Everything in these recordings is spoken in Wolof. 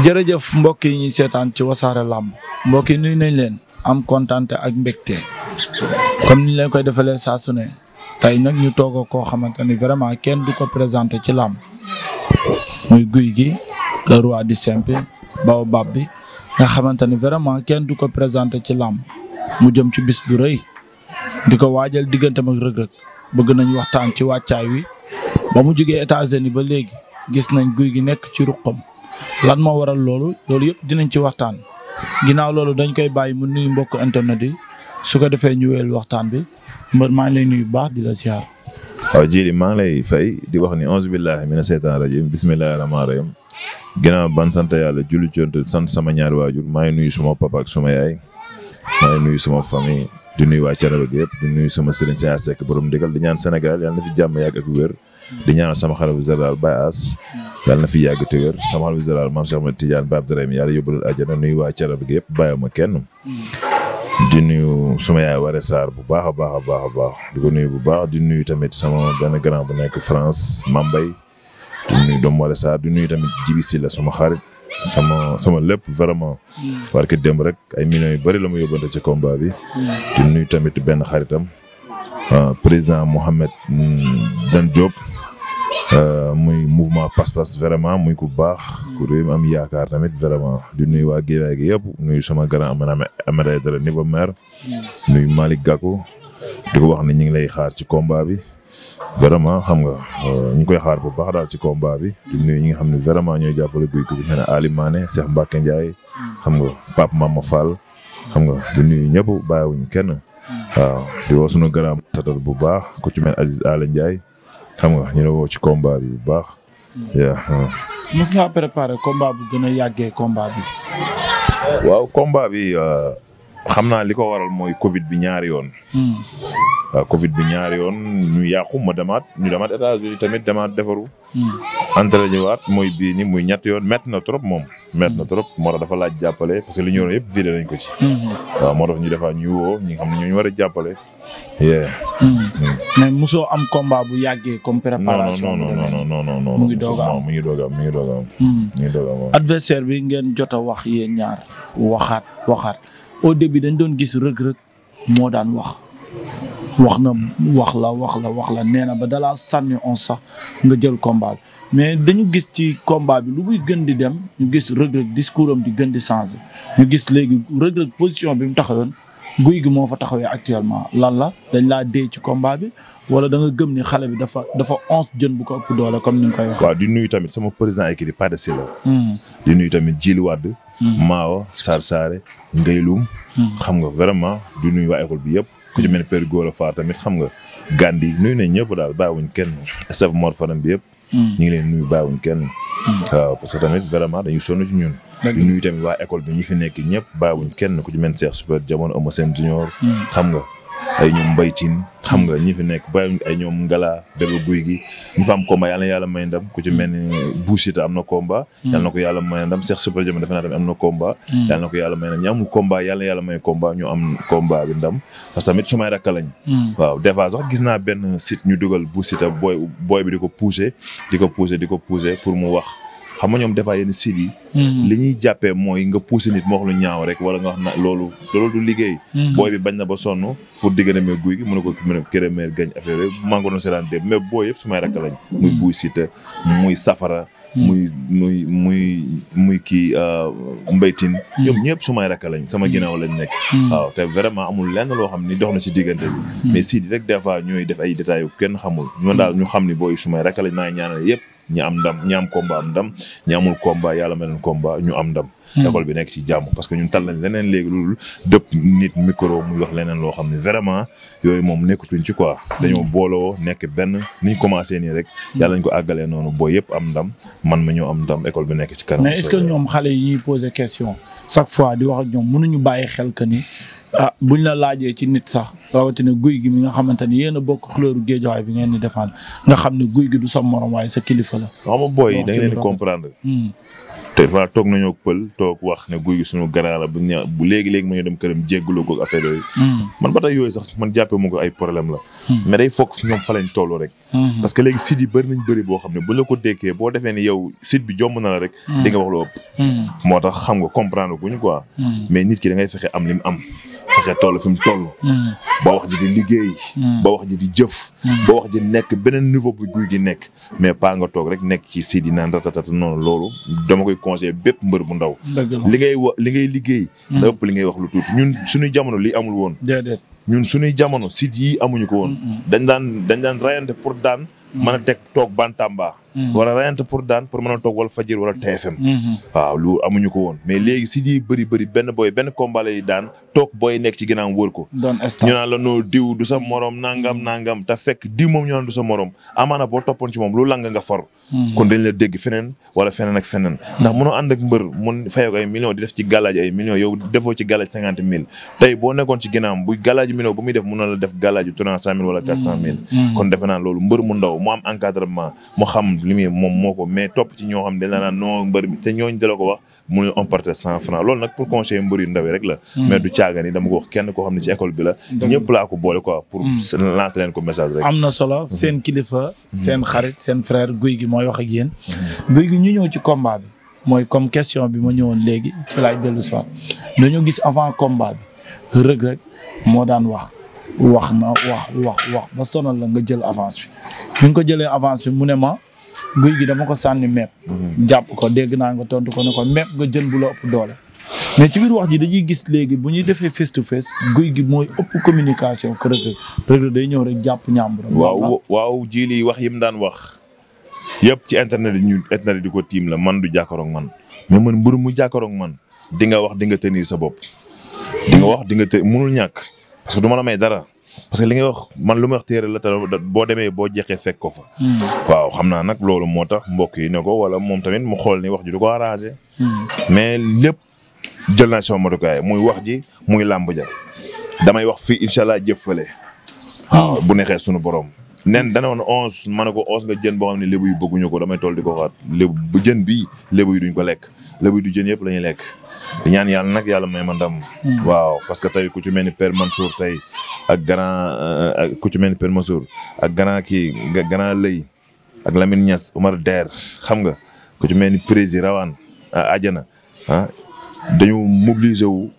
jërëjëf mbokk yi ñuy seetaan ci wasaare làmb mbokk yi nuyu nañ leen am kontaan ak mbégte comme ni leen koy defalee saa su ne tey nag ñu toog koo xamante ni vraiment kenn du ko présenté ci làmb muy guy gi le roi du simple baobab bi nga xamante ni vraiment kenn du ko présenté ci làmb mu jëm ci bis bu rëy di ko waajal diggante ak Reug Reug bëgg nañ waxtaan ci wàccaay wi ba mu jugee États-Unis ba léegi gis nañ guy gi nekk ci ruqam. lan moo waral loolu loolu yëpp dinañ ci waxtaan ginaaw loolu dañ koy bàyyi mu nuyu mbokk internet yi su ko defee ñu wéyal waxtaan bi mbër maa ngi lay nuyu bu baax di la ziar. waaw jili maa ngi lay fay di wax ni auzu billahi mina seytaan rajim bismillahi rahmaani rahim ginnaaw ban sant yàlla julli ci sant sama ñaari waajur maa ngi nuyu suma papa ak suma yaay. maa nuyu sama famille di nuyu waa Thiénaba gi yëpp di nuyu sama sëriñ Cheikh Seck borom ndigal di ñaan Sénégal yàlla na fi jàmm yàgg ak wér. di ñaanal sama xarit bu général Baye As na fi yàgg te wér sama xarit bu général Mame Cheikh Ahmed Tidiane Ba Abdourahim yàlla yóbbalal àjjana nuyu waa Thiénaba gi yëpp bàyyiwuma kenn. di nuyu suma yaay Waré Sarr bu baax a baax a baax a di ko nuyu bu baax di nuyu tamit sama benn grand bu nekk France Mambay di nuyu doomu Waré Sarr di nuyu tamit Jibi Silla suma xarit sama sama lépp vraiment. parce hmm. que dem rek ay millions yu bëri la ma yóbbante ci komba bi. Hmm. di nuyu tamit benn xaritam. Ah, président Mohamed hmm, Dan Diop. Euh, muy mouvement passe-passe vraiment muy ku baax. ku réew am yaakaar tamit vraiment di nuyu waa Guédiawaye gi yëpp nuyu sama grand am Amady Dara niveau maire. nuyu Malick Gakou. di ko wax ne ñu ngi lay xaar ci komba bi. vraiment xam nga euh, ñu koy xaar bu baax daal ci combat bi di ñi nga xam ne vraiment ñooy jàppale guy ku ci mel ne Ali Mané Cheikh Mbacke Ndiaye xam nga Pape Mama Fall xam nga di nuyu ñëpp bàyyiwuñu kenn waaw di woo sunu garaam tatal bu baax ku ci mel Aziz Ala Ndiaye xam nga ñu ne ci combat bi bu baax mos nga préparé combat bu gën a yàggee combat bi waaw combat bi euh, xam naa li ko waral mooy Covid bi ñaari yoon. Hmm. waaw bi ñaari yoon ñu yàqu ma demaat ñu demaat États-Unis tamit damaat defaru. Hmm. entrainé ñëwaat mooy bii nii muy ñett yoon métti na trop moom. métti na hmm. trop moo tax laaj jàppale parce que li ñu yoroon yëpp nañ ko ci. waaw moo tax ñu defaat ñu woo ñi nga xam ne ñoo ñu war a jàppale. mais mosoo am combat bu yàggee comme préparation. non non non non mu ngi doog mu ngi doog a a am. adversaire bi ngeen jot a wax yéen ñaar waxaat waxaat. au début dañ doon gis rëg-rëg moo daan wax wax na wax la wax la wax la nee na ba dalaa sànni on sax nga jël combat bi mais dañu gis ci combat bi lu muy gën di dem ñu gis rëg-rëg discours am di gën di changer ñu gis léegi rëg-rëg position bi mu taxawoon guy gi moo fa taxawee actuellement lan la dañ laa dee ci combat bi wala da nga gëm ni xale bi dafa dafa onze jën bu ko ëpp doole comme nu nga koy wax. waaw di nuyu tamit sama président équipe di Pade Sylla. Hmm. di nuyu tamit Djili Wade Mm-hmm. Maawa Saar Saare Ngaylum mm-hmm. xam nga vraiment du nuyu waa école bi yëpp. ku ci mel per Père Gora Fall tamit xam nga. Gandhi nuyu ne ñëpp daal bàyyiwuñ kenn staff Mor Fadam bi yëpp. Mm-hmm. ñu ngi leen nuyu bàyyiwuñ kenn. waaw parce que tamit vraiment dañu sonn ci ñun. di nuyu tamit waa école bi ñi fi nekk ñëpp bàyyiwuñ kenn ku ci mel ne Cheikh Super jamono Homo Sène Junior xam nga. ay ñoom mbaytin xam nga ñi fi nekk bàyyi ay ñoom ngala bébé guy gi ñu fa am combat yàlla na yàlla may ndam ku ci mel ni buusita am na combat yàlla na ko yàlla may ndam Cheikh Super Diamé defe naa tamit am na combat yàlla na ko yàlla may ndam ñu amul combat yàlla yàlla may combat ñu am combat bi ndam parce que tamit sumay rakk lañ hmm. waaw des fois sax gis naa benn site ñu dugal buusita booy booy bi di ko poussé di ko poussé di ko poussé pour mu wax xam nga ñoom defaa yenn sit yi mm-hmm. li ñuy jàppee mooy nga poussé nit mu wax lu ñaaw rek wala nga wax na loolu loolu du liggéey mm-hmm. booy bi bañ na ba sonn pour digganamee guy gi mu ne ko mu ne kérémeer gañ affaire yi maa ngi ko doon seetaan mais booy yëpp sumay rakk lañ muy mm-hmm. buy sita muy safara muy muy muy muy kii euh, mbaytin mm. ñoom ñëpp sumay rakk lañ sama mm. ginnaaw lañ nekk mm. waaw te vraiment amul lenn loo xam ni dox na ci diggante bi mais Sidi rek des fois ñooy def ay détails yu kenn xamul ñoo daal ñu xam ni booy sumay rakk lañ maa ñaan ñaanal yëpp ñi am ndam ñi am combat am ndam ñi yàlla ma leen ñu am ndam Hmm. école bi nekk ci jàmm parce que ñu tal nañ leneen léegi loolu dëpp nit micro muy wax leneen loo xam ne vraiment yooyu moom nekkatuñ ci quoi hmm. dañoo booloo nekk benn niñ commencé nii rek hmm. yàlla ñu ko àggalee noonu boo yëpp am ndam man ma ñoo am ndam école bi nekk ci kanam mais est-ce que ñoom xale yi ñu poser question chaque fois di wax ak ñoom mënuñu bàyyi xel que ni ah buñ la laajee ci nit sax rawatina guy gi mi nga xamante ni yéen a bokk couleur géejawaay bi ngeen di defaan nga xam ne guy gi du sa morom waaye sa kilifa la. waaw booy da ngeen di comprendre. te toog nañoo pël toog wax ne guy gi suñu garaa la bu ñu bu léegi léegi ma ñu dem këram jéggalu ko affaire yooyu. Hmm. man ba yooyu sax man jàppee mu ko ay problème la. Hmm. mais day foog ñoom fa lañ toll rek. Hmm. parce que léegi site yi bëri nañ bëri boo xam ne bo la ko dékkee boo defee ne yow site bi jomb na la rek. di nga wax lu moo tax xam nga comprendre guñu quoi. mais nit ki da ngay fexe am li mu am. ca toll fi mu toll. Mm. ba wax ji di liggéey. Mm. ba wax ji di jëf. Mm. ba wax ji nekk beneen niveau bu guy gi nekk. mais pas nga toog rek nekk ci sidi naan ratatata noonu loolu dama koy conseillé bépp mbër bu ndaw. li ngay wa li ngay liggéey. da ëpp li ngay wax lu tuuti ñun suñuy jamono li amul woon. ñun suñuy jamono sit yi amuñu ko woon. dañ daan dañ daan rayante pour daan. mën a teg toog bantamba. Mm. wala rayante pour daan pour mën a toog wala fajir wala TFM waaw lu amuñu ko woon mais léegi si ji bëri bëri benn booy benn combat lay daan toog booy nekk ci ginnaaw wër ko ñu naan la noo diw du sa morom nangam mm-hmm. nangam te fekk diw moom ñu naan du sa morom amaana boo toppoon ci moom lu lang nga for mm-hmm. kon dañ la dégg feneen wala feneen ak mm-hmm. ndax mënoo ànd ak mbër mun fayoo ay millions di def ci gàllaaj ay millions yow defoo ci gàllaaj na la def gàllaaju trois cent mille wala quatre cent mille loolu mbër mu ndaw mu am encadrement mu xam lumière moom moo ko mais topp ci ñoo xam ne dañ la naan non mbër mi te ñooñu dala ko wax mu ne on partait cent franc nag pour conseiller mbër yu ndaw rek la. Hmm. mais du caaga ni dama ko wax kenn koo xam ne ci école bi la. ñëpp laa ko boole quoi. pour hmm. lancer ko message rek. am na solo hmm. seen kilifa. seen xarit seen frère guy gi mooy wax ak yéen. guy gi ñu ñëw ci combat bi. mooy comme question bi ma ñëwoon léegi ci laay dellu si waat gis avant combat bi Reug Reug moo daan wax wax na wax wax wax ba sonal la nga jël avance guy gi dama ko sànni mepp mhm. jàpp ko dégg naa nga tontu ko ne ko mepp nga jël bu la ëpp doole mais ci biir wax ji dañuy gis léegi bu ñuy defee face to face guy gi mooy ëpp communication ko rek day ñëw rek jàpp ñàmbur waaw waaw ji lii wax yim daan wax yëpp ci internet yi ñu internet di ko tiim la man du jàkkaroog man mais man mbër mu jàkkaroog man di nga wax di nga tenir sa bopp di nga wax di nga te mënul ñàkk parce que du ma la may dara parce que li nga wax man lu ma wax téere la te boo demee boo jeexee fekk ko fa. Hmm. waaw xam naa nag loolu moo tax mbokk yi ne ko wala moom tamit mu xool ni wax ji du ko arrangé. Hmm. mais lépp jël naa sama matukaay muy wax ji muy làmb ja damay wax fii incha allah jëfale. waaw hmm. bu neexee sunu borom. nen dana woon onze ma ne ko onze nga jën boo xam ne lébu yi bëgguñu ko damay toll di ko waxaat lébu bu jën bi lébu yi duñ ko lekk. lébu du jën yëpp la ñuy lekk. di ñaan yàlla nag yàlla may ma ndam. Hmm. waaw parce que tey ku ci mel ni Père Mansour tey ak grand euh, ku ci mel ni Père Mansour ak grand kii grand lëy ak Lamine Niass Omar Der xam nga ku ci mel ni Prési Rawane euh, Ajana ah dañu mobiliser wu.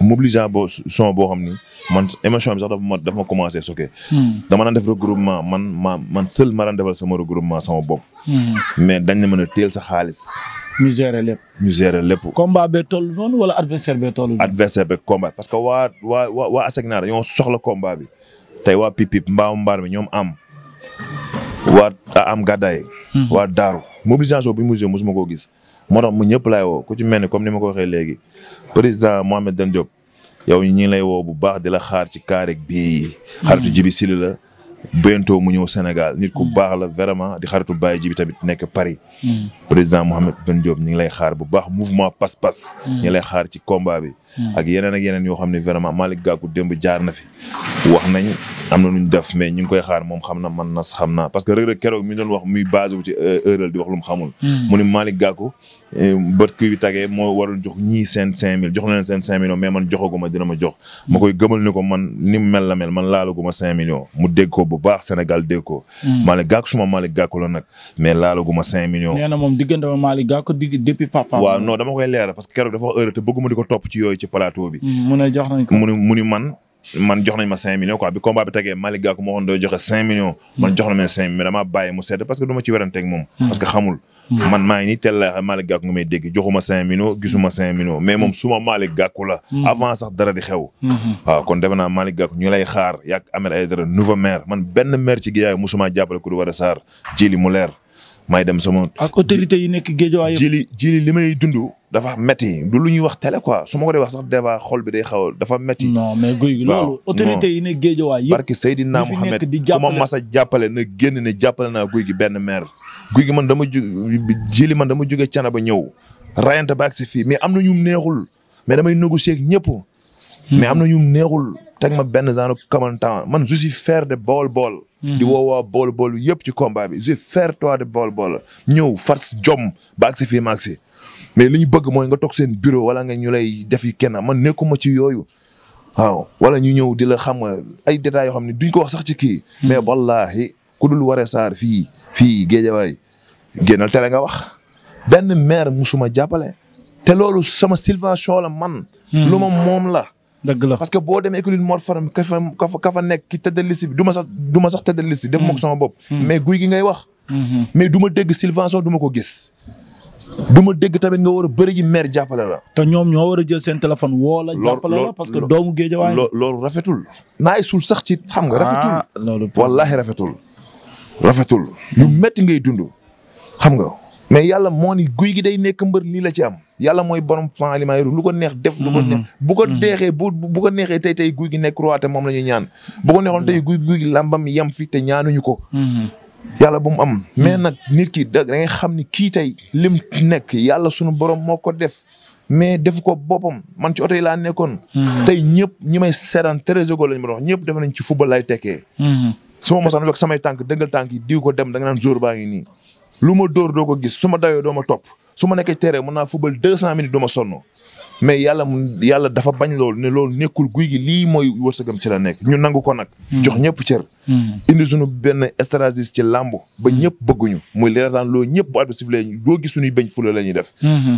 mobilisant boo son boo xam ni man émotion bi sax dafa ma dafa ma commencé soke hmm. dama daan def regroupement man ma man seul ma daan defal sama regroupement sama bopp. Hmm. mais dañ la mën a teel sa xaalis. ñu gérer lépp. ñu gérer lépp. combat bee toll noonu wala adversaire bee toll. adversaire bee combat parce que waa waa waa waa Asegna dañoo soxla combat bi tey waa Pipip mbaamu mbaar mi ñoom am waa am gàddaay. Hmm. waa daaru mobilisation bi mu musée mosuma koo gis. moo tax mu ñëpp laay woo ku ci mel ni comme ni ma ko waxee léegi président Mohamed Dan Diop yow ñi ngi lay woo bu baax di la xaar ci kaar ak bii yi. Hmm. xaritu jibi sili la. bientôt mu ñëw Sénégal nit ku mm. baax la vraiment di xaritu baax Jibi tamit nekk Paris. Mm. président Mohamed Ben Diop ñu ngi lay xaar bu baax mouvement pass pass. Mm. ñu ngi lay xaar ci combat bi. Hmm. ak yeneen ak yoo xam ne vraiment Malick Gakou démb jaar na fi. wax nañ am na lu ñu def ñu ngi koy xaar moom xam na man na xam na parce que rek rek keroog mi doon wax muy basé ci heure euh, di wax lu xamul. Hmm. mu ne Malick Gakou euh, moo waroon jox ñii seen cinq mille jox na leen seen cinq millions mais man ma koy gëmal ni ko man ni mu mel na mel man laalaguma cinq millions mu dégg ko bu baax Sénégal dégg ko. Hmm. Malick Gakou suma Malick Gakou la nag mais laalaguma cinq millions. nee na moom diggante ma Malick Gakou depuis papa. waaw dama koy leeral parce ci yooyu ci plateau bi. Mm, mu ne jox nañ ko mu ni man. man jox nañ ma cinq millions quoi bi combat bi tegee Malick Gakou moo waxoon joxe cinq millions. man mm. jox na ma cinq millions damaa bàyyi mu sedd parce que du ma ci weranteeg moom. Mm. parce que xamul. man maa ngi nii teel la Malick Gakou nga joxuma cinq millions gisuma cinq millions mais moom suma Malick Gakou la. avant sax dara di xew. Mm-hmm. waaw kon defe naa Malick ñu lay xaar yàgg Ahmed Aïdara nouveau maire man benn maire ci Guédiawaye musuma jàppale ku du war a saar jili mu dafa metti du lu ñuy wax télé quoi su ma ko dee wax sax dafa xol bi day xaw dafa metti mais guy gi loolu autorité yi ne waa yëpp barki na Mohamed ku ma mas a jàppale na génn ne jàppale na guy gi benn maire guy gi man dama ju jili man dama jóge cana ba ñëw rayante ba ak si fii mais am na ñu neexul mais damay négocier ak ñëpp hmm. mais am na ñu neexul teg ma benn genre commentant man je suis fier de bool Baol hmm. di woowaa bool Baol yëpp ci combat bi je suis toi de bool Baol ñëw fars jom ba si fii maag mais li ñu bëgg mooy nga toog seen bureau wala nga ñu lay def yu kenn man nekkuma ci yooyu waaw wala ñu ñëw di la xam nga ay détails yoo xam ne duñ ko wax sax ci kii. Hmm. mais wallahi ku dul Woré saar fii fii Géejawaay génnal tere nga wax benn maire musuma jàppale. te loolu sama subvention la man. Hmm. lu ma moom la. dëgg la parce que boo demee école Mor Faram ka fa ka fa nekk ki tëddal liste bi du ma sax du ma sax tëddal liste def ma hmm. sama bopp. mais guy gi ngay wax. mais du ma dégg subvention du ma ko gis. du ma dégg tamit nga war a bëri ji maire jàppale la. te ñoom ñoo war a jël seen téléphone woola la. jàppale la parce que doomu géejawaay. loolu rafetul. naay suul sax ci xam nga. Ah, rafetul loolu wallaahi rafetul. rafetul yu métti ngay dund. xam nga mais yàlla moo ni guy gi day nekk mbër lii la ci am. yàlla mooy borom fan alimentaire lu ko neex def. lu ko mm-hmm. neex bu ko mm-hmm. deexee bu bu ko neexee tey tey guy gi nekk roi moom la ñuy ñaan. bu ko neexoon tey guy guy gi làmbam yem fi te ñaanuñu ko. Mm-hmm. yàlla bu mu am. Hmm. mais nag nit ki da ngay xam ni kii tey lim nekk yàlla sunu borom moo ko def. mais def ko boppam man ci oto yi laa nekkoon. Hmm. tey ñëpp ñi may seetaan treize goal lañ ma ñëpp def nañ ci football lay tekkee. Hmm. su ma mosaan fekk samay tànk dëggal tànk yi diw ko dem da naan jour baa ngi nii. lu ma dóor doo ko gis suma ma dayoo doo ma topp. su ma nekkee terrain mën naa football deux cent minutes du ma sonn mais yàlla dafa bañ loolu ne loolu nekkul guy gi lii mooy wërsëgam ci la nekk ñu nangu ko nag. Hmm. jox ñëpp cër. Hmm. indi suñu benn stratégie ci làmb ba hmm. ñëpp bëgguñu muy li daan loolu ñëpp bu adversif la doo bañ fula la ñuy def.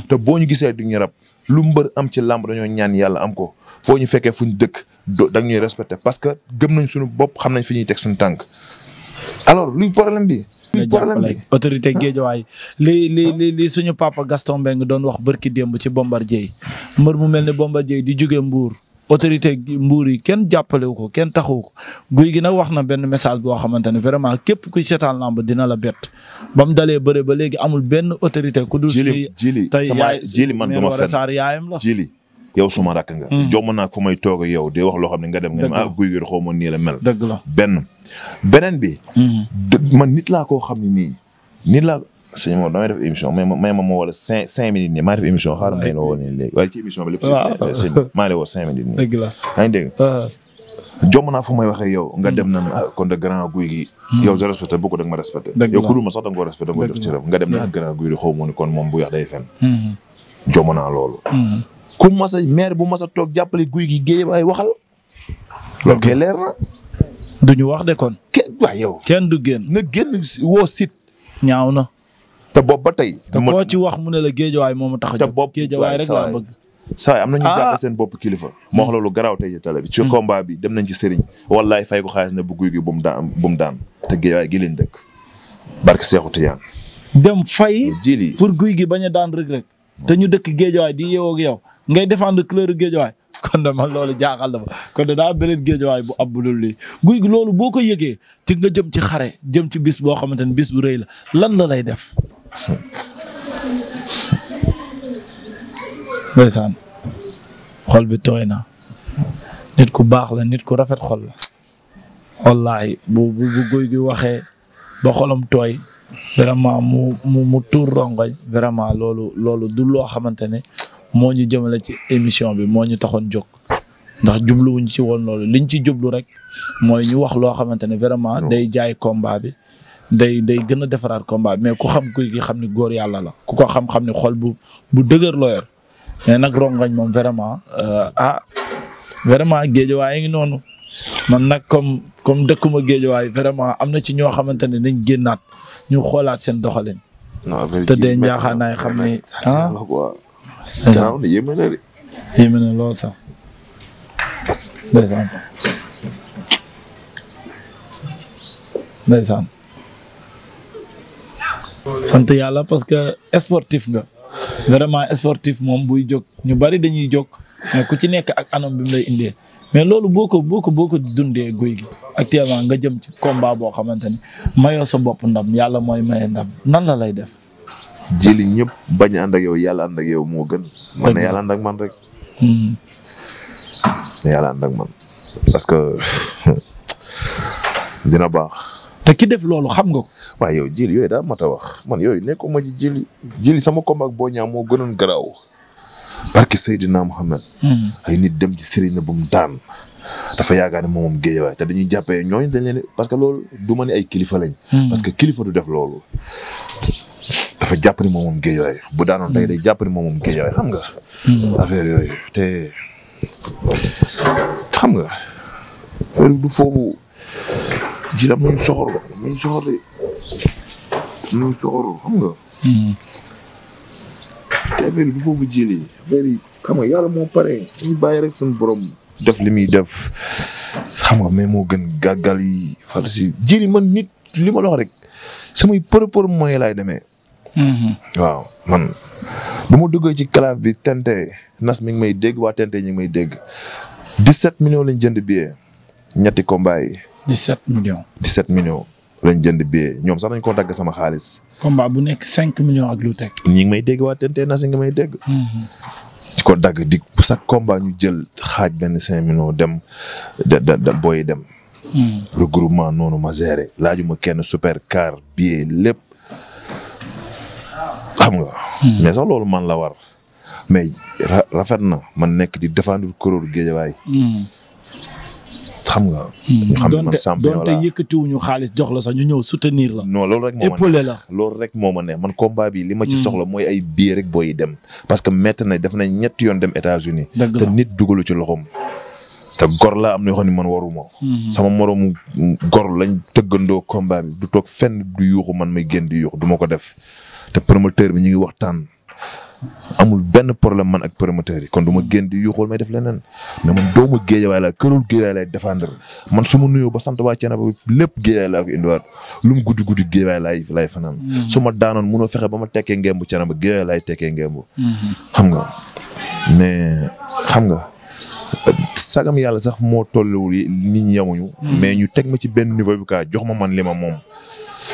te boo ñu gisee du ñu rab lu mbër am ci làmb dañoo ñaan yàlla am ko foo ñu fekkee fu ñu dëkk do da ñuy respecté parce que gëm nañ suñu bopp xam nañ fi ñuy teg suñu tànk. alors luy problème bi. luy problème bi autorité géejawaay li li li li suñu papa Gaston Mbengue doon wax bërki démb ci Bombardier mbër mu mel ne Bombardier di jóge Mbour. autorité mbuur yi kenn jàppalewu ko kenn taxu ko guy gi nag wax na benn message boo xamante ne vraiment képp kuy seetaan lamb dina la bett ba mu dalee bëre ba léegi amul benn autorité ku dul. jili jili sama jili man du ma fenn yaayam la yow suma rakk nga. jomm naa fu may toog yow di wax loo xam ne nga dem nga dem ah guy gi xaw ma la mel. dëgg la benn beneen bi. Hmm. man nit laa koo xam ne nii nit laa. sëñ Maodo damay def may ma may ma ma wala cinq cinq minutes nii nga hmm. dem na ah kon de grand guy gi. Hmm. yow je respecté bu ko da ma respecté. dëgg la yow ku dul ma sax da ko respecté nga ko jox ci rëb nga ah, guy gi xaw ni kon moom bu yàq day fenn. loolu. ku mas a maire bu mas a toog jàppale guy gi géej ay waxal. loolu leer na. du wax de kon. kenn yow. kenn du génn. na génn woo site. ñaaw na. te boobu ba tey. te koo ci wax mu ne la géejawaay moom a tax a jóg. te boobu géejawaay rek laa bëgg. saa am na ñu jàpp ah. seen bopp kilifa. moo wax loolu garaw tey ci télé bi. ci hmm. combat bi dem nañ ci sëriñ. wallaay fay ko xaalis ne bu guy gi bu mu daan bu mu te géejawaay gi leen dëkk. barke Seexu Tijaan. dem fay. pour guy gi bañ a daan rek rek. te ñu dëkk géejawaay di ak yow ngay défendre couleur géejawaay kon de man loolu jaaxal na ma kon de daa beneen waay bu ab bu dul guy gi loolu boo ko yëgee ci nga jëm ci xare jëm ci bis boo xamante ni bis bu rëy la lan la lay def. ndeysaan xol bi tooy na nit ku baax la nit ku rafet xol la wallaahi bu bu guy gi waxee ba xolam tooy vraiment mu mu mu tuur rongoñ vraiment loolu loolu du loo xamante ne. moo ñu jëmale ci émission bi moo ñu taxoon jog ndax jubluwuñ ci woon loolu liñ ci jublu rek mooy ñu wax loo xamante ne vraiment day jaay komba bi day day gën a defaraat combat bi mais ku xam ku kuy gi xam ni góor yàlla la ku ko xam-xam ni xool bu bu dëgër loo mais nag rongañ moom vraiment euh, ah vraiment géejawaay ngi noonu man nag comme comme dëkkuma géejawaay vraiment am na ci ñoo xamante ne dañ génnaat ñu xoolaat seen doxalin. te dee njaaxaanaay xam ni ah garaaw na yéeme na de. yéeme na lool sax. ndeysaan. ndeysaan. sant yàlla parce que sportif nga. vraiment sportif moom buy jóg ñu bari dañuy jóg mais ku ci nekk ak anam bi lay indee mais loolu boo ko boo ko boo ko dundee guy gi actuellement nga jëm ci combat boo xamante ni mayoo sa bopp ndam yàlla mooy maye ndam nan la lay def. jëli ñëpp bañ a ànd ak yow yàlla ànd ak yow moo gën. man ne yàlla ànd ak man rek. Hmm. ne yàlla ànd ak man parce que dina baax. te ki def loolu xam nga ko. waaw yow jëli yooyu daa mata wax man yooyu nekkuma ci jëli jëli sama combat ak Boy Niang moo gënoon garaaw. barke Seydina Mohamed. Hmm. ay nit dem ci Serigne bu mu daan. dafa yaakaar ne moom géejawaay te dañuy jàppee ñooñ dañ leen parce que loolu du man ne ay kilifa lañ. Hmm. parce que kilifa du def loolu. dafa jàpp moom moom Guédiawaye bu daanoon tey day jàpp ni moom moom Guédiawaye xam nga. Hmm. affaire yooyu te xam nga affaire du foofu ji la muy soxor muy soxor muy soxor xam nga. Hmm. te affaire yi du foofu jëlee affaire yi xam nga yàlla moo pare ñu bàyyi rek suñu boroom def li muy def xam nga mais moo gën gàggal yi far si jëli man nit li ma la wax rek mooy laay demee. Mm-hmm. waaw man bu ma duggee ci calaf bi tente nas mi ngi may dégg waa tente ñu may dégg 17 millions lañ jënd billet ñetti combat yi. 17 millions. 17 millions lañ jënd billet ñoom sax nañ ko dagg sama xaalis. combat bu nekk 5 million ak lu teg. ñi may dégg waa tente nas ngi may dégg. Mm-hmm. di ko dagg di chaque combat ñu jël xaaj benn 5 millions dem da da booy dem. Mm-hmm. regroupement noonu ma géré laajuma kenn super car billet lépp. xam nga. Hmm. mais sax loolu man la war. mais rafet na man nekk di défendre kuréelu géejawaay. Hmm. xam nga. Hmm. xam ne man champion la donte yëkkatiwuñu xaalis jox la sax ñu ñëw soutenir loolu rek moo ma épaulé la loolu rek moo ma ne man combat bi li ma ci soxla mooy ay biir rek booy dem. parce que métti na def nañ ñetti yoon dem États-Unis te nit dugalu ci loxoom. te gor laa am na yoo xam ne man waruma sama moromu gor lañ tëggandoo combat bi du toog fen du yuuxu man may génn di yuuxu du ma ko def. te promoteur bi ñu ngi waxtaan amul benn problème man ak promoteur yi kon du ma génn di yuuxool may def leneen mais man doomu géejawaay laa kërul géejawaay lay défendre man su ma nuyoo ba sant waa Thiénaba lépp géejawaay laa ko indiwaat lu guddi guddi laay laay fanaan mm-hmm. su ma daanoon munoo fexe ba ma tekkee ngemb Thiénaba géejawaay laay tekkee ngemb mm-hmm. xam nga mais xam nga sagam yàlla sax moo tollewul nit ñi yamuñu mm-hmm. mais ñu teg ma ci benn niveau bi kaa jox ma man li ma moom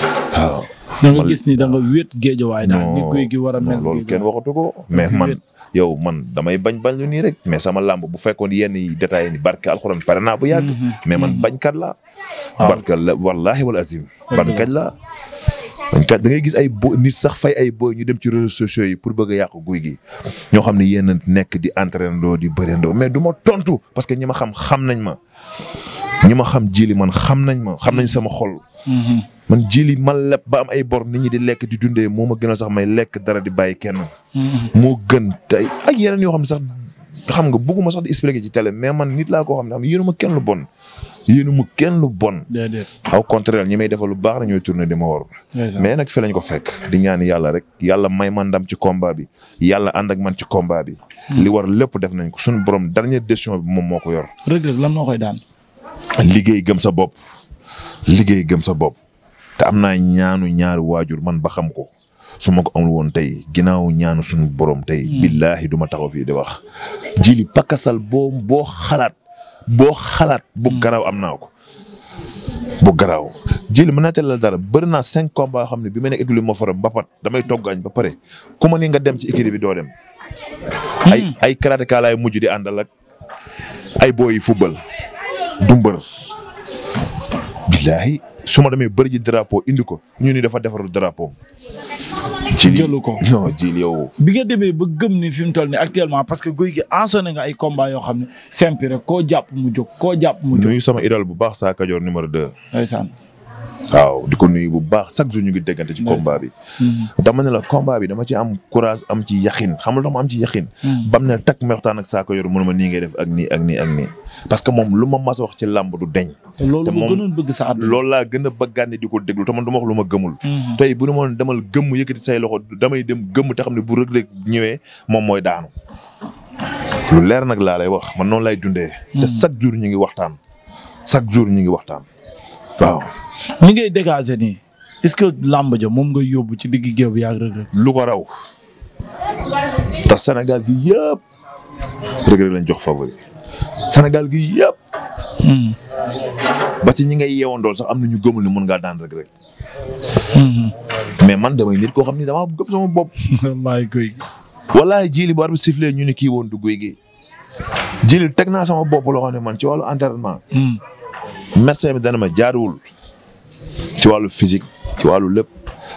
waaw. gis ni da nga wéet géejawaay daal ni guy gi war a loolu kenn waxatu ko mais man yow man damay bañ bañ lu nii rek mais sama làmb bu fekkoon yenn yi détaillé ni barke alxuraan pare naa bu yàgg mm-hmm, mais man mm-hmm. bañkat la ah. barke la wallahi wal azim bañkat la bañkat da gis ay bo nit sax fay ay booy ñu dem ci réseaux sociaux yi pour bëgg a yàqu guy gi ñoo xam ne yéen nekk di entraînandoo di bëreendoo mais du ma tontu parce que ñi ma xam xam nañ ma ñu ma xam jili man xam nañ ma xam nañ sama xol. Mm-hmm. man jili man lepp ba am ay bor nit ñi di lekk di dundee moo ma gën a sax may lekk dara di bàyyi kenn. Mm-hmm. moo gën te ak yeneen yoo xam ne sax xam nga bëgguma sax di expliquer ci télé mais man nit laa koo xam ne yéenu ma kenn lu bon. yéenu ma kenn lu bon. au contraire ñi may defal lu baax la ñooy tourné di ma war. mais nag fi lañ ko fekk di ñaan yàlla rek yàlla may man ndam ci combat bi yàlla ànd ak man ci combat bi. Mm. li war lépp def nañ ko suñu borom dernière décision bi moom moo ko yor. Reug moo koy daan. liggéey gëm sa bopp liggéey gëm sa bopp te am naa ñaanu ñaari waajur man ba xam ko su ma ko amul woon tey ginnaaw ñaanu suñu borom tey. Hmm. billaahi duma taxaw fii di wax. jili pakasal boo boo xalaat boo xalaat. bu hmm. garaaw am naa ko bu garaaw. jili mën naa teel la dara bëri naa cinq combats yoo xam ne bi ma nekk écurie moo faram ba pat damay toggaañ ba pare ku ma ni nga dem ci écurie bi doo dem. Hmm. ay ay karatéka laay mujj di àndal ay booy yu football du mbër. billaahi su ma demee bëri ji drapeau indi ko ñu ni dafa defarul drapeau. ci jëlu ko non ci yow. bi nga demee ba gëm ni fi mu toll nii actuellement parce que guy gi ensonné nga ay combat yoo xam ne simple rek koo jàpp mu jóg koo jàpp mu jóg. sama idole bu baax saa kajoor numéro 2. ndeysaan. waaw di ko nuyu bu baax chaque jour ñu ngi déggante ci combat bi. Mm-hmm. dama ne la combat bi dama ci am courage am ci yaxin xam nga ma am ci yaxin. Mm. bam ne takk ma waxtaan ak saako yor mënuma nii ngay def ak nii ak nii ak nii. parce que moom lu ma mas wax ci làmb du deñ. te loolu ma gënoon loolu laa gën a bëggaan di ko déglu te man du ma wax lu ma gëmul. Mm-hmm. tey bu ne ma demal gëmm yëkkati say loxo damay dem gëmm te xam ne bu rëg rëg ñëwee moom mooy daanu. lu leer nag laa lay wax man noonu lay dundee. te mm. chaque jour ñu ngi waxtaan chaque jour ñu ngi waxtaan waaw li ngay dégager nii est-ce que làmb ja moom nga yóbbu ci digg géew bi yàgg Reug Reug lu ko raw tax Sénégal gi yëpp Reug Reug lañ jox favori Sénégal gi yëpp. Hmm. ba ci ñi ngay yeewandool sax am na ñu gëmul ne mun ngaa daan Reug Reug. Hmm. mais man damay nit koo xam ni damaa gëm sama bopp. wallaay guy gi. bu arbitre sifflé ñu ne kii woon du guy gi. jili teg naa sama bopp loo xam ne man ci wàllu entraînement. Hmm. médecin bi dana ma jaaduwul. ci wàllu physique ci wàllu lépp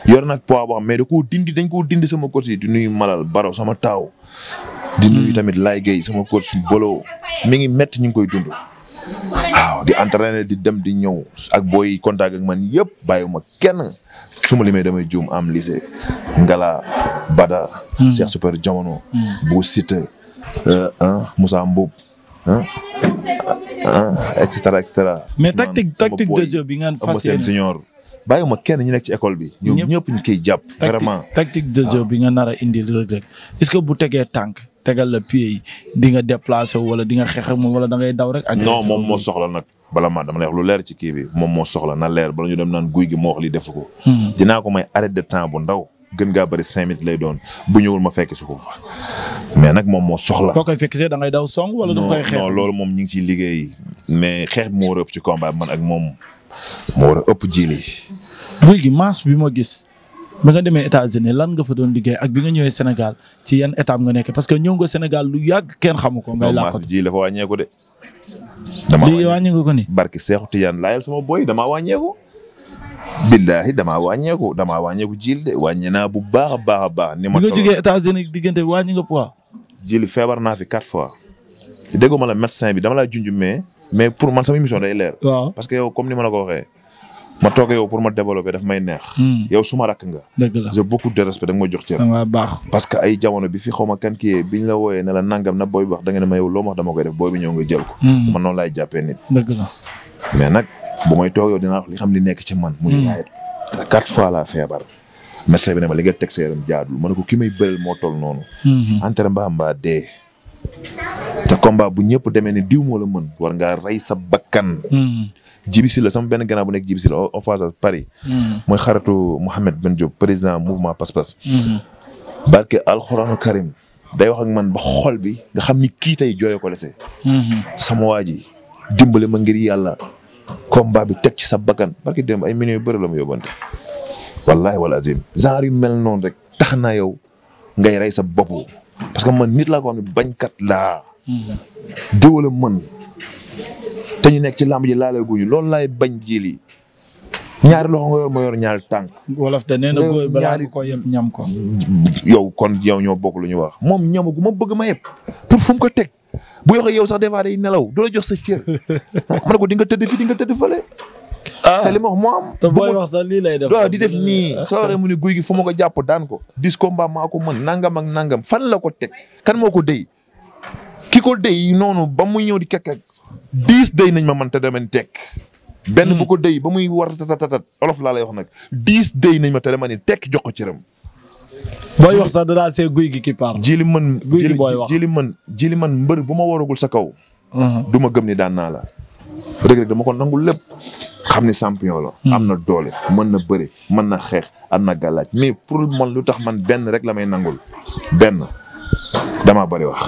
yor nag poids boo mais da koo dindi dañ koo dindi sama coach yi di nuyu Malal Baro sama taaw. di nuyu hmm. tamit Laye Gueye sama coach Bolo mi ngi métti ñu ngi koy dund. waaw di entraîner di dem di ñëw ak booy contact ak man yëpp bàyyiwuma kenn su ma limee damay juum am lycée Ngala Bada. Hmm. Cheikh Super Jamono. Hmm. bu Siteu. ah Moussa Mboub ah mais tactique tactique de jeu bi nga fas yéene bàyyiwuma kenn ñu nekk ci école bi. ñoom ñëpp ñu koy jàpp. vraiment tactique de jeu ah. bi nga nar a indi Reug Reug est que bu tegee tànk tegal la pied yi di nga déplacé wala di nga xeex moom wala da ngay daw rek. ak non moom moo soxla nag bala maa dama lay lu leer ci kii bi moom moo soxla na leer bala ñu dem naan guy gi moo wax li ko. Hmm. dinaa ko may arrêt de temps bu ndaw. gën ngaa bëri cinq minutes lay doon bu ñëwul ma fekk si ko fa mais nag moom moo soxla. boo koy fekk see da ngay daw song wala da koy xeex non loolu moom ñu ngi ciy liggéey mais xeex bi moo war a ëpp ci combat man ak moom a ëpp jiili. guy gi masse bi mo gis bi nga demee États-Unis lan nga fa doon liggéey ak bi nga ñëwee Sénégal ci yan étape nga nekk parce que ñow nga Sénégal lu yàgg kenn xamu ko. ngay làqatu masse bi ji dafa de. damaa wàññeeku lii barki Seexu Tijaan laayal sama boy damaa wàññeeku. billahi damaa wàññeeku damaa wàññeeku jil de wàññi naa bu baax a baax a baax. ni ma toll bi nga jógee wàññi nga poids. jil feebar naa fi quatre fois. déggoo ma la médecin bi dama laa junj mais mais pour man sama émission day leer. waaw parce que yow comme ni ma la ko waxee. ma toog yow pour ma développer daf may neex. Hmm. yow su ma rakk nga. dëgg la j'ai de respect da nga ma jox cër. da baax parce que ay jamono bi fi xaw ma kan kii biñ la wooyee ne nangam na booy bi wax da nga ne ma yow loo ma wax dama koy def booy bu may toog yow dinaa li xam li nekk ci man. muy United te la feebar. médecin bi ne ma li nga teg sa yaram jaadul ma ko ki may bëreel moo toll noonu. Hmm. entre mbaa mbaa dee. te combat bu ñëpp demee ne diw moo la mën war ngaa rey sa bakkan. Hmm. jibi si la sama benn gànnaaw bu nekk jibi si la au face à Paris. Hmm. mooy xaritu Mouhamed Ben Diop président mouvement Pass-Pass. barke alxuraanu Karim. day wax man ba xol bi nga xam ni kii tey jooyoo ko sama waa ji dimbale ma ngir yàlla. combat bi teg ci sa bakkan barki dem ay millions yu bëri la mu yóbbante wallahi wala azim genre yu mel noonu rek tax na yow ngay rey sa bopp parce que man nit la ko xam ne bañkat laa. diw la mën te ñu nekk ci làmb ji laale guñu lool lay bañ jili ñaari loxo nga yor yor ñaari tànk. wolof de nee ko yow kon yow ñoo bokk lu ñu wax moom ñamagu ma bëgg ma yëpp pour fu ko teg. bu yoxe yow sax des fois day nelaw du la jox sa cër ma ne ko di nga tëdd fii di nga tëdd fële. ah te li ma wax moo am. te booy lii lay def. di def nii ah. soo waree mu ne guy gi fu ma ko jàpp daan ko. dis ko maa ko man nangam ak nangam fan la ko teg kan moo ko dey ki ko dey noonu ba muy ñëw di kekk diis dey nañ ma man te damay teg. benn bu hmm. ko dey ba muy war tatatat olof laa lay wax nag diis dey nañ ma te damay tekk jox ko cëram. booy wax sax da daal see guy gi ki par jili mën jili jili mën jili mën mbër bu ma waragul sa kaw uh-huh. du ma gëm ni daan naa la Reug Reug dama ko nangul lépp xam ni champion hmm. am na doole mën na bëri mën na xeex am na gàllaaj mais pour man lu tax man benn rek la may nangul benn dama bari wax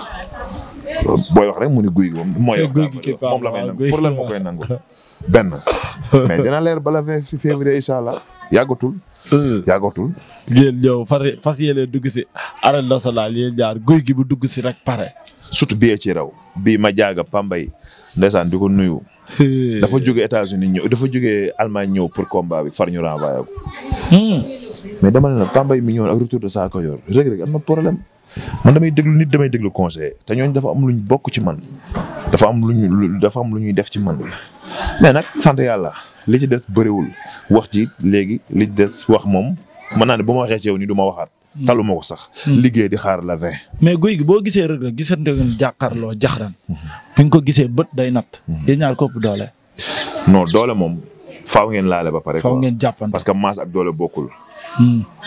booy wax rek mu ni guy gi moom la may nangul pour lan ma koy nangul benn mais dina leer bala vingt février incha yàggatul. Euh. yàggatul. yéen ñëw fas yéene dugg si arène nationale yéen ñaar guy gi bu dugg si rek pare. surtout bii ci raw bii ma jaaga Pambay ndeysaan di ko nuyu. dafa jóge États-Unis ñëw dafa jóge Allemagne ñëw pour combat bi far ñu renvoyé ko. Hmm. mais dama ne la mi ñëwoon ak de saako yor Reug Reug am na problème. man damay déglu nit damay déglu conseil te ñooñ dafa am luñ bokk ci man dafa am luñ dafa lu ñuy def ci man mais nag sant yàlla. li ci des bëriwul wax ji léegi li ci des wax moom mën naa ne bu ma waxee ci yow nii du ma waxaat. Hmm. talu ma ko sax. Hmm. liggéey di xaar la vingt. mais guy gi boo gisee rek rek gisante ngeen jàkkaarloo jaxran hmm. bi nga ko gisee bët day natt. yéen ñaar kopp doole. doole moom faaw ngeen laale ba pare. faaw ngeen jàppante parce que maas ak doole bokkul.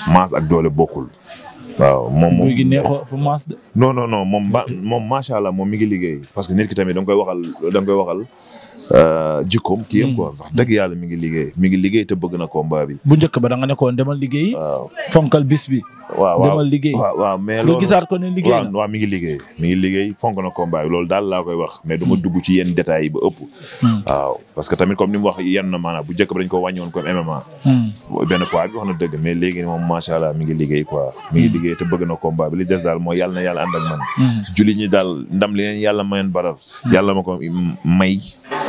maas ak doole bokkul. waaw moom moom gi neexoo fa maas de. non non non moom ba moom macha allah moom mi ngi liggéey parce que nit ki tamit da koy waxal da koy waxal. Euh, jikkoom kii yëpp quoi hmm. dëgg yàlla mi ngi liggéey mi ngi liggéey te bëgg na combat bi. bu jëkk ba da nga nekkoon demal liggéey. waaw fonkal waaw waaw demal liggéey. waaw waaw mais loolu nga gisaat ko ne liggéey mi ngi liggéey. mi ngi liggéey fonk na combat bi daal laa koy wax. mais du hmm. dugg ci yenn détails yi ba ëpp. Hmm. waaw parce que tamit comme ni wax yenn na maanaam bu jëkk ba dañ ko wàññi woon comme MMA. benn poids bi wax na dëgg mais léegi moom macha allah mi ngi liggéey quoi. mi ngi liggéey te bëgg na combat bi li des daal mooy yàlla na yàlla ànd man. julli daal ndam li leen yàlla mayoon baral. yàlla ma ko may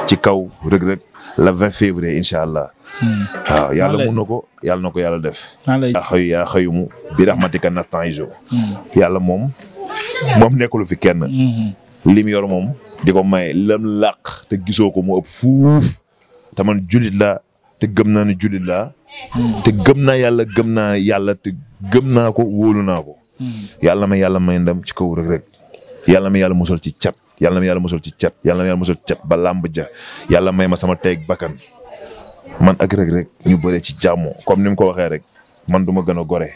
ci kaw rëg-rëg la vingt février incha allah. Hmm. waaw yàlla mun na ko yàlla na ko yàlla def. yaa xëy yaa xëyumu bi rahmatika nasta'iin hmm. yàlla moom moom nekkul fi kenn. Hmm. lim yor moom di ko may lam làq te gisoo ko mu ëpp fuuf te man jullit laa te gëm naa ne jullit laa. te gëm yàlla gëm naa yàlla te naa ko wóolu naa ko. yàlla ma yàlla may ndam ci kaw rek rek yàlla ma yàlla musal ci cat. yàlla na ma yàlla mosal ci cat yàlla na ma yàlla mosal cat ba làmb ja yàlla may ma sama teeg bakkan man ak rek ñu bëree ci jàmm comme ni mu ko waxee rek man du ma gën a gore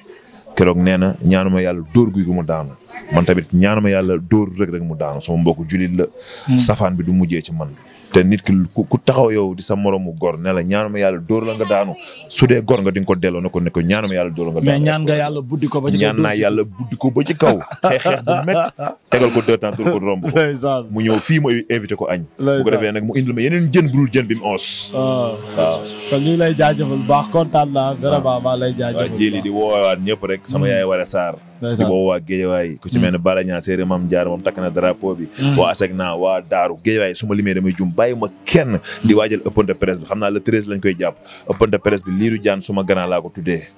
keroog nee na ñaanuma yàlla dóor guy gu mu daanu man tamit ma yàlla dóor rek rek mu daanu sama mbokk julit la. Hmm. safaan bi du mujjee ci man te nit ki ku taxaw yow di sa moroomu gor ne la ñaanuma yàlla dóor la nga daanu su dee gor nga di ko delloo ne ko ne ko ñaanuma yàlla dóor la nga daanu. mais ñaan nga yàlla buddi ko ba ci naa yàlla buddi ko ba ci kaw. xeex xeex bu métti tegal ko deux temps ko romb ko. mu ñëw fii ma invité ko añ. bu ko defee nag mu indil ma yeneen jën bu dul jën bi mu os. Ah. waaw kon ñu lay jaajëfal bu baax kontaan naa vraiment maa lay jaajëfal bu baax di woo di woowaat ñëpp rek sama mm. yaay war saar di ko waa ku ci mel ne mm. Bala Ñaa séeréer maam jaar moom takk na drapeau bi mm. waa aseg naa waa daaru ma limee damay jum bàyyi ma kenn di xam naa le treize lañ koy jàpp ëppante presse bi liiru jaan suma ganaa laa ko tuddee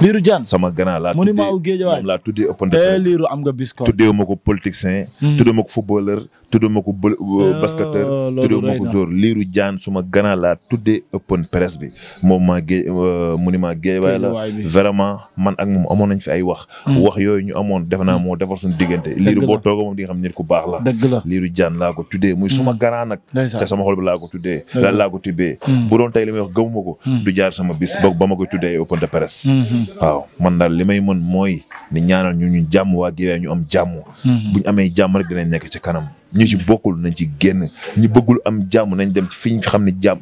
liiru jaan sama ganaa laa tuddee moom laa tuddee ëppante eh, presse liiru am nga bis ko tuddee ma ko politicien mm. tuddee ma ko footballeur tuddee ma ko eh, euh, basketteur tuddee ma ko joueur jaan suma ganaa laa tuddee ëppante presse bi moom maa gée euh, monument géejawaay la vraiment man ak moom amoon nañ fi ay wax wax yooyu ñu amoon defe naa mm. moo defar suñu diggante liiru boo tooga moom di xam nit ku baax la dëgg la liiru jaan laa ko tuddee muy suma mm. garant nag te sama xol bi laa ko tuddee la laa ko tuddee mm. bu doon tey li may ko du jaar ba ba ma koy tuddee open de presse mm-hmm. waaw man daal li may mën mooy ni ñaanal ñu ñu jàmm waa Géejawaay ñu am jàmm mm-hmm. buñ amee jàmm rek dinañ nekk ci kanam ñu ci bokkul nañ ci génn ñu bëggul am jàmm nañ dem ci fi ñu xam ne jàmm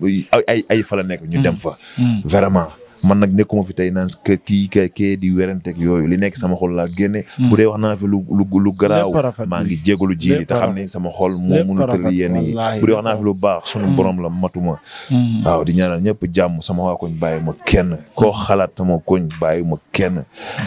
ay ay fa la nekk ñu dem fa vraiment man nag nekkuma fi tey naan que kii ka kee di weranteeg yooyu li nekk sama xol laa génne hmm. bu dee wax naa fi lu lu lu garaaw maa ngi jégalu jiili te xam ne sama xol moo mënu tëdd yenn yi bu dee wax naa fi lu baax sunu hmm. borom la matuma hmm. waaw di ñaanal ñëpp jàmm sama waa koñ bàyyi ma kenn koo xalaat sama koñ bàyyi ma kenn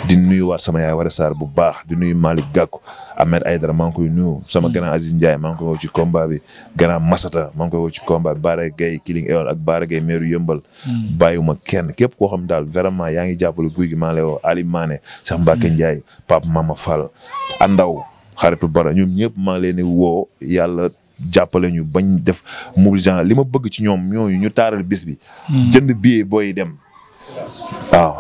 di nuyuwaat sama yaay Wari Sarr bu baax di nuyu Malick Gakou Ahmed Aïdara maa ngi koy nuyu sama hmm. grand Aziz Ndiaye maa koy woo ci combat bi grand Masata maa koy woo ci combat bi Baara Gaye Kiling Ewal ak Baara Gaye meeru yëmbal hmm. bàyyiwuma kenn képp koo xam daal vraiment yaa ngi jàppale guy gi maa lay woo Ali Mané sax Mbacke hmm. Ndiaye Pape Mama Fall Andaw xaritu bara ñoom ñëpp maa ngi leen di woo yàlla jàppale ñu bañ def mobilisation li ma bëgg ci ñoom ñooñu ñu taaral bis bi jënd billet booy dem waaw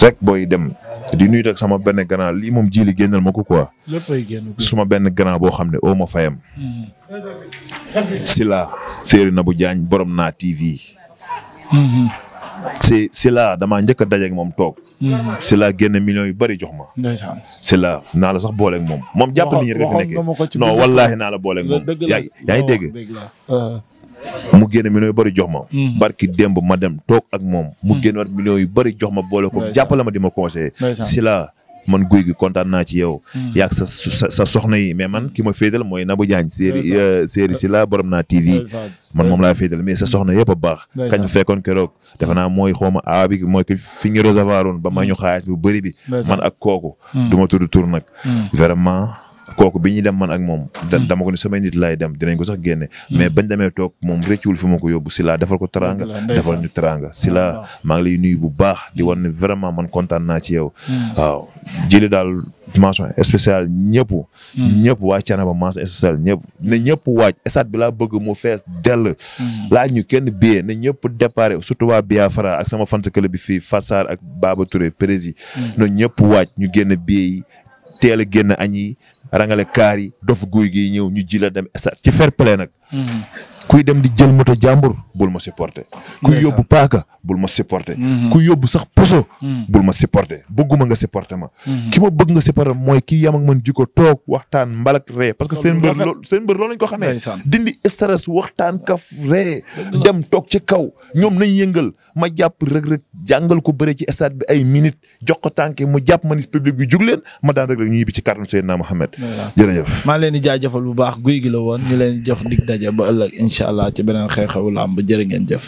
rek booy dem di nuyu rek sama benn grand lii moom jili génnal ma ko quoi. léppay génn suma benn grand boo xam ne oo ma fayam. Mm-hmm. Sila séeri na bu jaañ borom naa TV. Mm-hmm. si Sila damaa njëkk a dajeeg moom toog. Mm-hmm. Sila génn millions yu bëri jox ma. ndeysaan Sila naa la sax booleeg moom. moom jàpp nañu rek fi nekkee non wallaahi naa la booleeg moom. yaa ngi dégg mu génn millions yu bëri jox ma. Mm-hmm. barki démb ma dem toog ak moom. mu mm-hmm. génnoon millions yu bëri jox ma boole ko la ma di ma conseiller. si la man guy gi kontaan naa ci yow. Mm-hmm. yaag sa sa soxna yi mais man ki ma féetal mooy Nabou Diagne. séeri euh, séeri si la borom naa TV. man moom laa féetal mais sa soxna yëpp a baax. kañ fa fekkoon keroog defe naa mooy xawma a bi mooy fi ñu recevoir woon ba ma ñu xaalis bu bëri bi. man ak kooku. du ma tudd tur nag. vraiment. kooku bi ñuy man ak moom. Hmm. dama ko ni samay nit laay dem dinañ ko sax génne. Hmm. mais bañ demee toog moom rëccuwul fi ma ko si laa defal ko teraanga. defal ñu teraanga ah, Sila maa ngi lay nuyu bu baax di wan ne vraiment man kontaan naa ci yow. Hmm. waaw jëli daal mention spéciale ñëpp. ñëpp waa Thiénaba mention spéciale ñëpp ne ñëpp waaj stade bi laa bëgg mu fees dell. laaj ñu kenn biyee ne ñëpp déparé surtout bi Biafra ak sama fans club bi fii Fassar ak Baba Touré prési ne ñëpp waaj ñu génn biyee teel a génn añ yi rangale kaar yi dof guy gi ñëw ñu ji la dem stade ci fair play nag kuy dem di jël moto jàmbur bul ma supporter. kuy yóbbu paaka bul ma supporter. Mhm. kuy yóbbu sax poso. Mhm. bul ma supporter bëgguma nga supporter ma. Mhm. ki ma bëgg nga supporter mooy ki yam ak man jikko toog waxtaan mbalak ree parce que seen mbër loolu seen mbër loolu lañ ko xamee. dindi stress waxtaan kaf ree dem toog ci kaw ñoom nañ yëngal ma jàpp Reug Reug jàngal ko bëre ci stade bi ay minit jox ko tànke mu jàpp manis public bi jug leen ma daan Reug Reug ñu yibbi ci kàttan Seydina Mohamed. jërëjëf maa bu baax la woon ñu daje ba ëllëg incha allah ci beneen xew-xewu làmb jërë ngeen jëf.